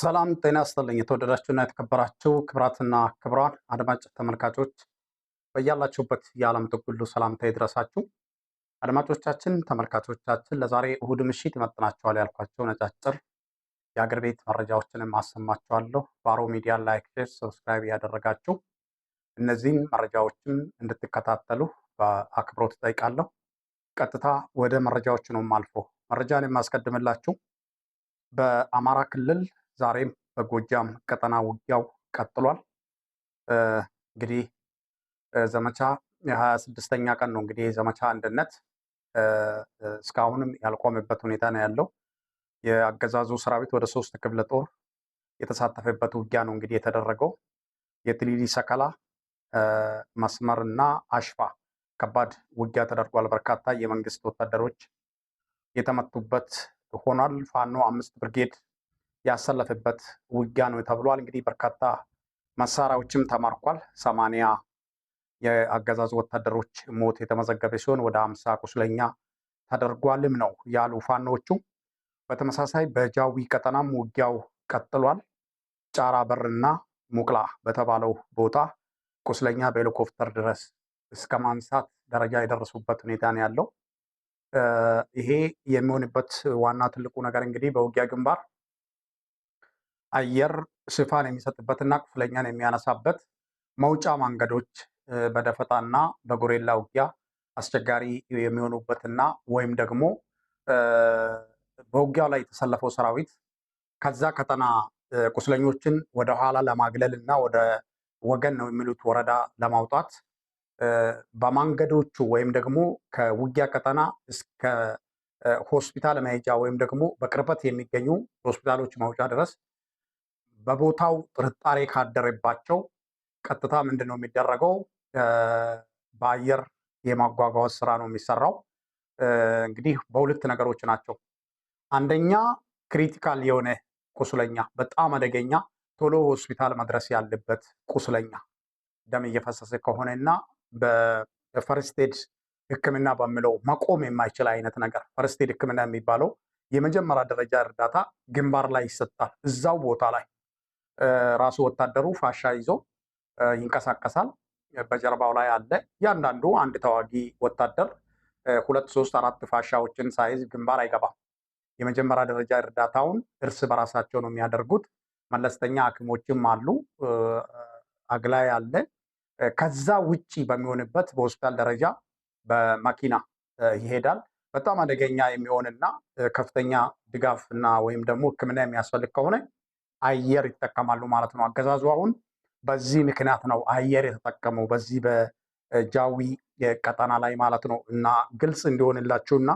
ሰላም ጤና ይስጥልኝ። የተወደዳችሁና የተከበራችሁ ክብራትና ክብራን አድማጭ ተመልካቾች በያላችሁበት የዓለም ጥግ ሁሉ ሰላምታ ይድረሳችሁ። አድማጮቻችን፣ ተመልካቾቻችን ለዛሬ እሁድ ምሽት ይመጥናችኋል ያልኳቸው ነጫጭር የአገር ቤት መረጃዎችንም አሰማችኋለሁ። ባሮ ሚዲያ ላይክ፣ ሼር፣ ሰብስክራይብ እያደረጋችሁ እነዚህን መረጃዎችን እንድትከታተሉ በአክብሮት እጠይቃለሁ። ቀጥታ ወደ መረጃዎች ነው አልፎ መረጃን የማስቀድምላችሁ በአማራ ክልል ዛሬም በጎጃም ቀጠና ውጊያው ቀጥሏል። እንግዲህ ዘመቻ የሀያ ስድስተኛ ቀን ነው እንግዲህ ዘመቻ አንድነት እስካሁንም ያልቆመበት ሁኔታ ነው ያለው። የአገዛዙ ሰራዊት ወደ ሶስት ክፍለ ጦር የተሳተፈበት ውጊያ ነው እንግዲህ የተደረገው። የትሊሊ ሰከላ መስመር እና አሽፋ ከባድ ውጊያ ተደርጓል። በርካታ የመንግስት ወታደሮች የተመቱበት ሆኗል። ፋኖ አምስት ብርጌድ ያሰለፈበት ውጊያ ነው ተብሏል። እንግዲህ በርካታ መሳሪያዎችም ተማርኳል። ሰማንያ የአገዛዙ ወታደሮች ሞት የተመዘገበ ሲሆን ወደ አምሳ ቁስለኛ ተደርጓልም ነው ያሉ ፋኖቹ። በተመሳሳይ በጃዊ ቀጠናም ውጊያው ቀጥሏል። ጫራ በርና ሙቅላ በተባለው ቦታ ቁስለኛ በሄሊኮፕተር ድረስ እስከ ማንሳት ደረጃ የደረሱበት ሁኔታ ነው ያለው። ይሄ የሚሆንበት ዋና ትልቁ ነገር እንግዲህ በውጊያ ግንባር አየር ሽፋን የሚሰጥበትና ቁስለኛን የሚያነሳበት መውጫ መንገዶች በደፈጣና በጎሬላ ውጊያ አስቸጋሪ የሚሆኑበትና ወይም ደግሞ በውጊያው ላይ የተሰለፈው ሰራዊት ከዛ ቀጠና ቁስለኞችን ወደ ኋላ ለማግለል እና ወደ ወገን ነው የሚሉት ወረዳ ለማውጣት በማንገዶቹ ወይም ደግሞ ከውጊያ ቀጠና እስከ ሆስፒታል መሄጃ ወይም ደግሞ በቅርበት የሚገኙ ሆስፒታሎች መውጫ ድረስ በቦታው ጥርጣሬ ካደረባቸው ቀጥታ ምንድን ነው የሚደረገው? በአየር የማጓጓዝ ስራ ነው የሚሰራው። እንግዲህ በሁለት ነገሮች ናቸው። አንደኛ ክሪቲካል የሆነ ቁስለኛ፣ በጣም አደገኛ ቶሎ ሆስፒታል መድረስ ያለበት ቁስለኛ ደም እየፈሰሰ ከሆነና በፈርስቴድ ሕክምና በምለው መቆም የማይችል አይነት ነገር ፈርስቴድ ሕክምና የሚባለው የመጀመሪያ ደረጃ እርዳታ ግንባር ላይ ይሰጣል እዛው ቦታ ላይ ራሱ ወታደሩ ፋሻ ይዞ ይንቀሳቀሳል። በጀርባው ላይ አለ። እያንዳንዱ አንድ ተዋጊ ወታደር ሁለት ሶስት አራት ፋሻዎችን ሳይዝ ግንባር አይገባም። የመጀመሪያ ደረጃ እርዳታውን እርስ በራሳቸው ነው የሚያደርጉት። መለስተኛ ሐኪሞችም አሉ፣ አግላይ አለ። ከዛ ውጪ በሚሆንበት በሆስፒታል ደረጃ በመኪና ይሄዳል። በጣም አደገኛ የሚሆንና ከፍተኛ ድጋፍ እና ወይም ደግሞ ሕክምና የሚያስፈልግ ከሆነ አየር ይጠቀማሉ ማለት ነው። አገዛዙ አሁን በዚህ ምክንያት ነው አየር የተጠቀመው በዚህ በጃዊ ቀጠና ላይ ማለት ነው። እና ግልጽ እንዲሆንላችሁ እና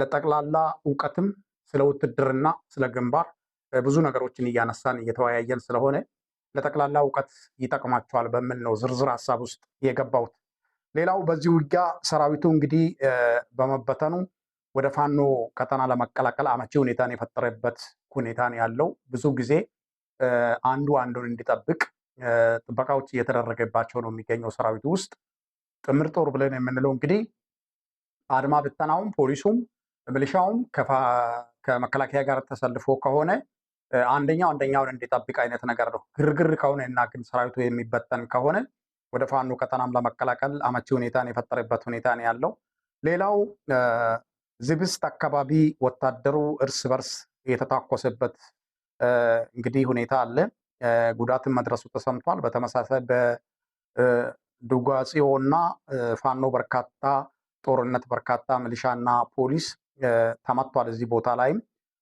ለጠቅላላ እውቀትም ስለ ውትድርና ስለ ግንባር ብዙ ነገሮችን እያነሳን እየተወያየን ስለሆነ ለጠቅላላ እውቀት ይጠቅማቸዋል በሚል ነው ዝርዝር ሀሳብ ውስጥ የገባሁት። ሌላው በዚህ ውጊያ ሰራዊቱ እንግዲህ በመበተኑ ወደ ፋኖ ቀጠና ለመቀላቀል አመቺ ሁኔታን የፈጠረበት ሁኔታን ያለው ብዙ ጊዜ አንዱ አንዱን እንዲጠብቅ ጥበቃዎች እየተደረገባቸው ነው የሚገኘው ሰራዊቱ ውስጥ። ጥምር ጦር ብለን የምንለው እንግዲህ አድማ ብተናውም ፖሊሱም ምልሻውም ከመከላከያ ጋር ተሰልፎ ከሆነ አንደኛው አንደኛውን እንዲጠብቅ አይነት ነገር ነው። ግርግር ከሆነ እና ግን ሰራዊቱ የሚበተን ከሆነ ወደ ፋኖ ቀጠናም ለመቀላቀል አመቺ ሁኔታን የፈጠረበት ሁኔታ ነው ያለው። ሌላው ዝብስት አካባቢ ወታደሩ እርስ በርስ የተታኮሰበት እንግዲህ ሁኔታ አለ። ጉዳትን መድረሱ ተሰምቷል። በተመሳሳይ በዱጓጽዮ እና ፋኖ በርካታ ጦርነት በርካታ ሚሊሻና ፖሊስ ተመቷል። እዚህ ቦታ ላይም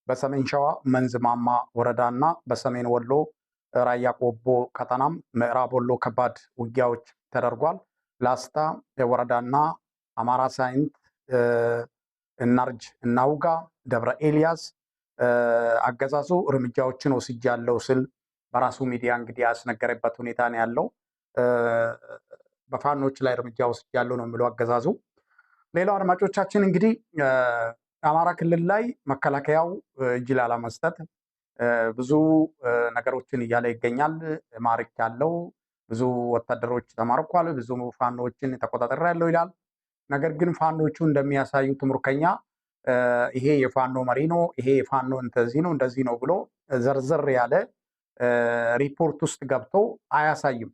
በሰሜን ሸዋ መንዝማማ እና በሰሜን ወሎ ራያ ቆቦ ቀጠናም ምዕራብ ወሎ ከባድ ውጊያዎች ተደርጓል። ላስታ ወረዳና አማራ ሳይንት እናርጅ እናውጋ ደብረ ኤልያስ አገዛዙ እርምጃዎችን ወስጃለሁ ስል በራሱ ሚዲያ እንግዲህ ያስነገረበት ሁኔታ ነው ያለው። በፋኖች ላይ እርምጃ ወስጃለሁ ነው የሚለው አገዛዙ። ሌላው አድማጮቻችን እንግዲህ አማራ ክልል ላይ መከላከያው እጅ ላለመስጠት ብዙ ነገሮችን እያለ ይገኛል። ማርክ ያለው ብዙ ወታደሮች ተማርኳል፣ ብዙ ፋኖችን ተቆጣጠር ያለው ይላል። ነገር ግን ፋኖቹ እንደሚያሳዩት ምርኮኛ ይሄ የፋኖ መሪ ነው፣ ይሄ የፋኖ እንደዚህ ነው እንደዚህ ነው ብሎ ዘርዘር ያለ ሪፖርት ውስጥ ገብቶ አያሳይም።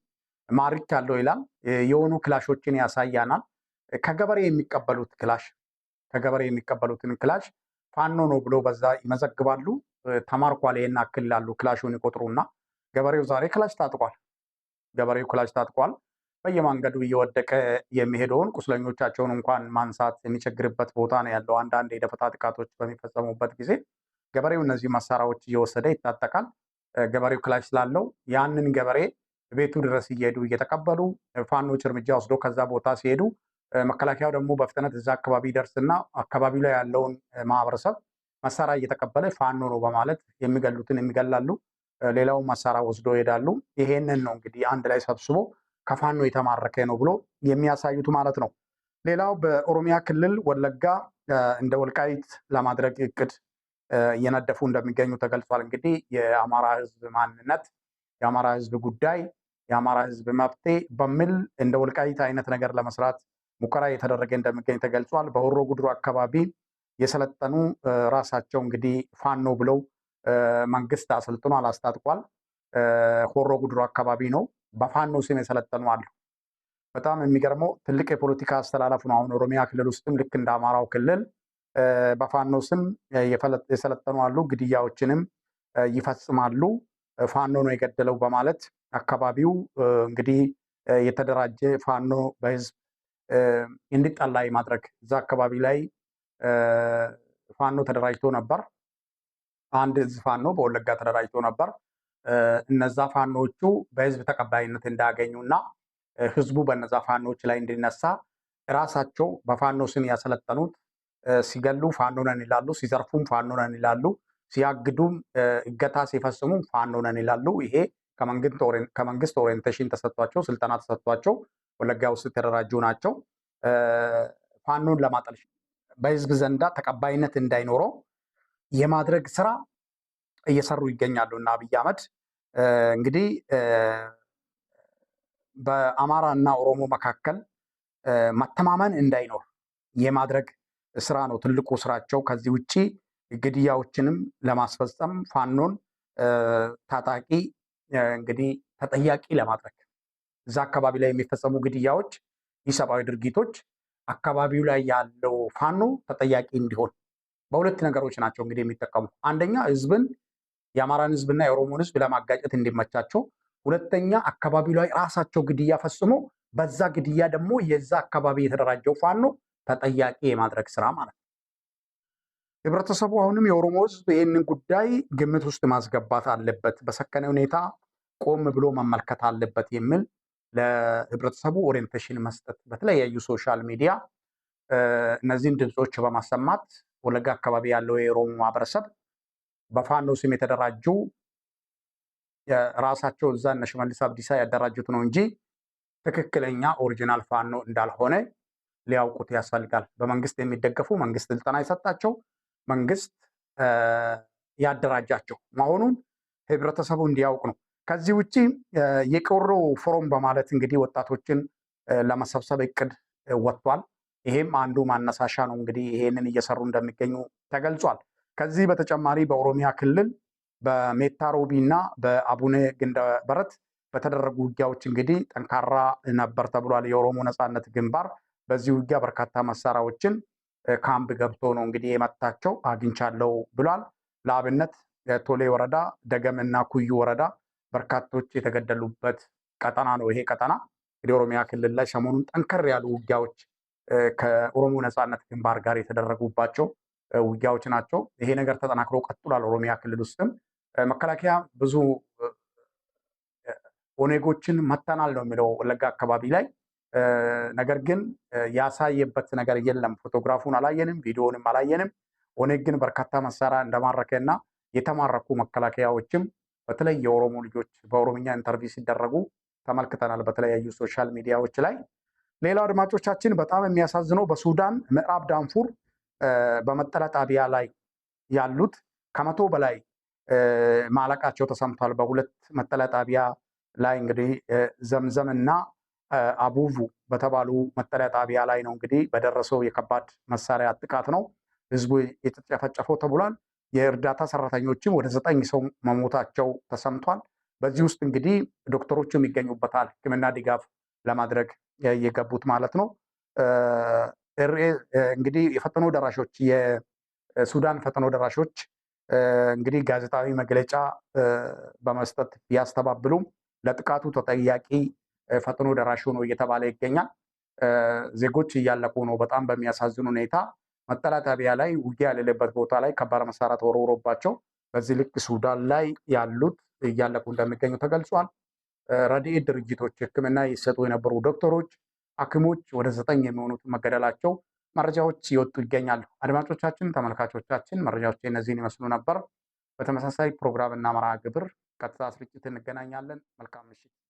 ማሪክ ያለው ይላል የሆኑ ክላሾችን ያሳያናል። ከገበሬ የሚቀበሉት ክላሽ ከገበሬ የሚቀበሉትን ክላሽ ፋኖ ነው ብሎ በዛ ይመዘግባሉ። ተማርኳል ይሄን አክል ላሉ ክላሹን ይቆጥሩና ገበሬው ዛሬ ክላሽ ታጥቋል፣ ገበሬው ክላሽ ታጥቋል በየመንገዱ እየወደቀ የሚሄደውን ቁስለኞቻቸውን እንኳን ማንሳት የሚቸግርበት ቦታ ነው ያለው። አንዳንድ የደፈጣ ጥቃቶች በሚፈጸሙበት ጊዜ ገበሬው እነዚህ መሳሪያዎች እየወሰደ ይታጠቃል። ገበሬው ክላሽ ስላለው ያንን ገበሬ ቤቱ ድረስ እየሄዱ እየተቀበሉ ፋኖች እርምጃ ወስዶ ከዛ ቦታ ሲሄዱ መከላከያው ደግሞ በፍጥነት እዛ አካባቢ ደርስና አካባቢ ላይ ያለውን ማህበረሰብ መሳሪያ እየተቀበለ ፋኖ ነው በማለት የሚገሉትን የሚገላሉ፣ ሌላው መሳሪያ ወስዶ ይሄዳሉ። ይሄንን ነው እንግዲህ አንድ ላይ ሰብስቦ ከፋኖ የተማረከ ነው ብሎ የሚያሳዩት ማለት ነው። ሌላው በኦሮሚያ ክልል ወለጋ እንደ ወልቃይት ለማድረግ እቅድ እየነደፉ እንደሚገኙ ተገልጿል። እንግዲህ የአማራ ህዝብ ማንነት፣ የአማራ ህዝብ ጉዳይ፣ የአማራ ህዝብ መብቴ በሚል እንደ ወልቃይት አይነት ነገር ለመስራት ሙከራ እየተደረገ እንደሚገኝ ተገልጿል። በሆሮ ጉድሩ አካባቢ የሰለጠኑ ራሳቸው እንግዲህ ፋኖ ብለው መንግስት አሰልጥኗል፣ አስታጥቋል። ሆሮ ጉድሮ አካባቢ ነው በፋኖ ስም የሰለጠኑ አሉ። በጣም የሚገርመው ትልቅ የፖለቲካ አስተላለፍ ነው። አሁን ኦሮሚያ ክልል ውስጥም ልክ እንደ አማራው ክልል በፋኖ ስም የሰለጠኑ አሉ። ግድያዎችንም ይፈጽማሉ። ፋኖ ነው የገደለው በማለት አካባቢው እንግዲህ የተደራጀ ፋኖ በህዝብ እንዲጠላ ማድረግ እዛ አካባቢ ላይ ፋኖ ተደራጅቶ ነበር። አንድ ህዝብ ፋኖ በወለጋ ተደራጅቶ ነበር። እነዛ ፋኖቹ በህዝብ ተቀባይነት እንዳያገኙና ህዝቡ በነዛ ፋኖች ላይ እንዲነሳ ራሳቸው በፋኖ ስም ያሰለጠኑት ሲገሉ ፋኖ ነን ይላሉ፣ ሲዘርፉም ፋኖ ነን ይላሉ፣ ሲያግዱም እገታ ሲፈጽሙም ፋኖ ነን ይላሉ። ይሄ ከመንግስት ኦሪንቴሽን ተሰጥቷቸው ስልጠና ተሰጥቷቸው ወለጋ ውስጥ የተደራጁ ናቸው። ፋኖን ለማጠልሽ በህዝብ ዘንዳ ተቀባይነት እንዳይኖረው የማድረግ ስራ እየሰሩ ይገኛሉ እና አብይ አህመድ እንግዲህ በአማራ እና ኦሮሞ መካከል መተማመን እንዳይኖር የማድረግ ስራ ነው ትልቁ ስራቸው። ከዚህ ውጭ ግድያዎችንም ለማስፈጸም ፋኖን ታጣቂ እንግዲህ ተጠያቂ ለማድረግ እዛ አካባቢ ላይ የሚፈጸሙ ግድያዎች፣ ኢሰብአዊ ድርጊቶች አካባቢው ላይ ያለው ፋኖ ተጠያቂ እንዲሆን በሁለት ነገሮች ናቸው እንግዲህ የሚጠቀሙ አንደኛ ህዝብን የአማራን ህዝብና የኦሮሞን ህዝብ ለማጋጨት እንዲመቻቸው፣ ሁለተኛ አካባቢው ላይ ራሳቸው ግድያ ፈጽሞ በዛ ግድያ ደግሞ የዛ አካባቢ የተደራጀው ፋኖ ተጠያቂ የማድረግ ስራ ማለት ነው። ህብረተሰቡ አሁንም የኦሮሞ ህዝብ ይህንን ጉዳይ ግምት ውስጥ ማስገባት አለበት፣ በሰከነ ሁኔታ ቆም ብሎ መመልከት አለበት የሚል ለህብረተሰቡ ኦሪንቴሽን መስጠት በተለያዩ ሶሻል ሚዲያ እነዚህን ድምፆች በማሰማት ወለጋ አካባቢ ያለው የኦሮሞ ማህበረሰብ በፋኖ ስም የተደራጁ ራሳቸው እዛ እነ ሽመልስ አብዲሳ ያደራጁት ነው እንጂ ትክክለኛ ኦሪጂናል ፋኖ እንዳልሆነ ሊያውቁት ያስፈልጋል። በመንግስት የሚደገፉ መንግስት ስልጠና የሰጣቸው መንግስት ያደራጃቸው መሆኑን ህብረተሰቡ እንዲያውቅ ነው። ከዚህ ውጭ የቅሩ ፎረም በማለት እንግዲህ ወጣቶችን ለመሰብሰብ እቅድ ወጥቷል። ይሄም አንዱ ማነሳሻ ነው። እንግዲህ ይሄንን እየሰሩ እንደሚገኙ ተገልጿል። ከዚህ በተጨማሪ በኦሮሚያ ክልል በሜታሮቢ እና በአቡነ ግንደ በረት በተደረጉ ውጊያዎች እንግዲህ ጠንካራ ነበር ተብሏል። የኦሮሞ ነፃነት ግንባር በዚህ ውጊያ በርካታ መሳሪያዎችን ካምፕ ገብቶ ነው እንግዲህ የመታቸው አግኝቻለሁ ብሏል። ለአብነት ቶሌ ወረዳ፣ ደገም እና ኩዩ ወረዳ በርካቶች የተገደሉበት ቀጠና ነው። ይሄ ቀጠና እንግዲህ ኦሮሚያ ክልል ላይ ሰሞኑን ጠንከር ያሉ ውጊያዎች ከኦሮሞ ነፃነት ግንባር ጋር የተደረጉባቸው ውጊያዎች ናቸው። ይሄ ነገር ተጠናክሮ ቀጥሏል። ኦሮሚያ ክልል ውስጥም መከላከያ ብዙ ኦኔጎችን መተናል ነው የሚለው ወለጋ አካባቢ ላይ ነገር ግን ያሳየበት ነገር የለም። ፎቶግራፉን አላየንም፣ ቪዲዮንም አላየንም። ኦኔግ ግን በርካታ መሳሪያ እንደማረከ እና የተማረኩ መከላከያዎችም በተለይ የኦሮሞ ልጆች በኦሮምኛ ኢንተርቪው ሲደረጉ ተመልክተናል በተለያዩ ሶሻል ሚዲያዎች ላይ። ሌላው አድማጮቻችን በጣም የሚያሳዝነው በሱዳን ምዕራብ ዳንፉር በመጠለያ ጣቢያ ላይ ያሉት ከመቶ በላይ ማለቃቸው ተሰምቷል። በሁለት መጠለያ ጣቢያ ላይ እንግዲህ ዘምዘም እና አቡቡ በተባሉ መጠለያ ጣቢያ ላይ ነው እንግዲህ በደረሰው የከባድ መሳሪያ ጥቃት ነው ህዝቡ የተጨፈጨፈው ተብሏል። የእርዳታ ሰራተኞችም ወደ ዘጠኝ ሰው መሞታቸው ተሰምቷል። በዚህ ውስጥ እንግዲህ ዶክተሮችም ይገኙበታል። ህክምና ድጋፍ ለማድረግ የገቡት ማለት ነው። እንግዲህ የፈጥኖ ደራሾች የሱዳን ፈጥኖ ደራሾች እንግዲህ ጋዜጣዊ መግለጫ በመስጠት ቢያስተባብሉም ለጥቃቱ ተጠያቂ ፈጥኖ ደራሽ ሆኖ እየተባለ ይገኛል። ዜጎች እያለቁ ነው። በጣም በሚያሳዝን ሁኔታ መጠለያ ጣቢያ ላይ ውጊያ የሌለበት ቦታ ላይ ከባድ መሳሪያ ተወርውሮባቸው በዚህ ልክ ሱዳን ላይ ያሉት እያለቁ እንደሚገኙ ተገልጿል። ረድኤት ድርጅቶች ሕክምና ይሰጡ የነበሩ ዶክተሮች ሐኪሞች ወደ ዘጠኝ የሚሆኑት መገደላቸው መረጃዎች ይወጡ ይገኛሉ። አድማጮቻችን፣ ተመልካቾቻችን መረጃዎች እነዚህን ይመስሉ ነበር። በተመሳሳይ ፕሮግራም እና መርሃ ግብር ቀጥታ ስርጭት እንገናኛለን። መልካም ምሽት።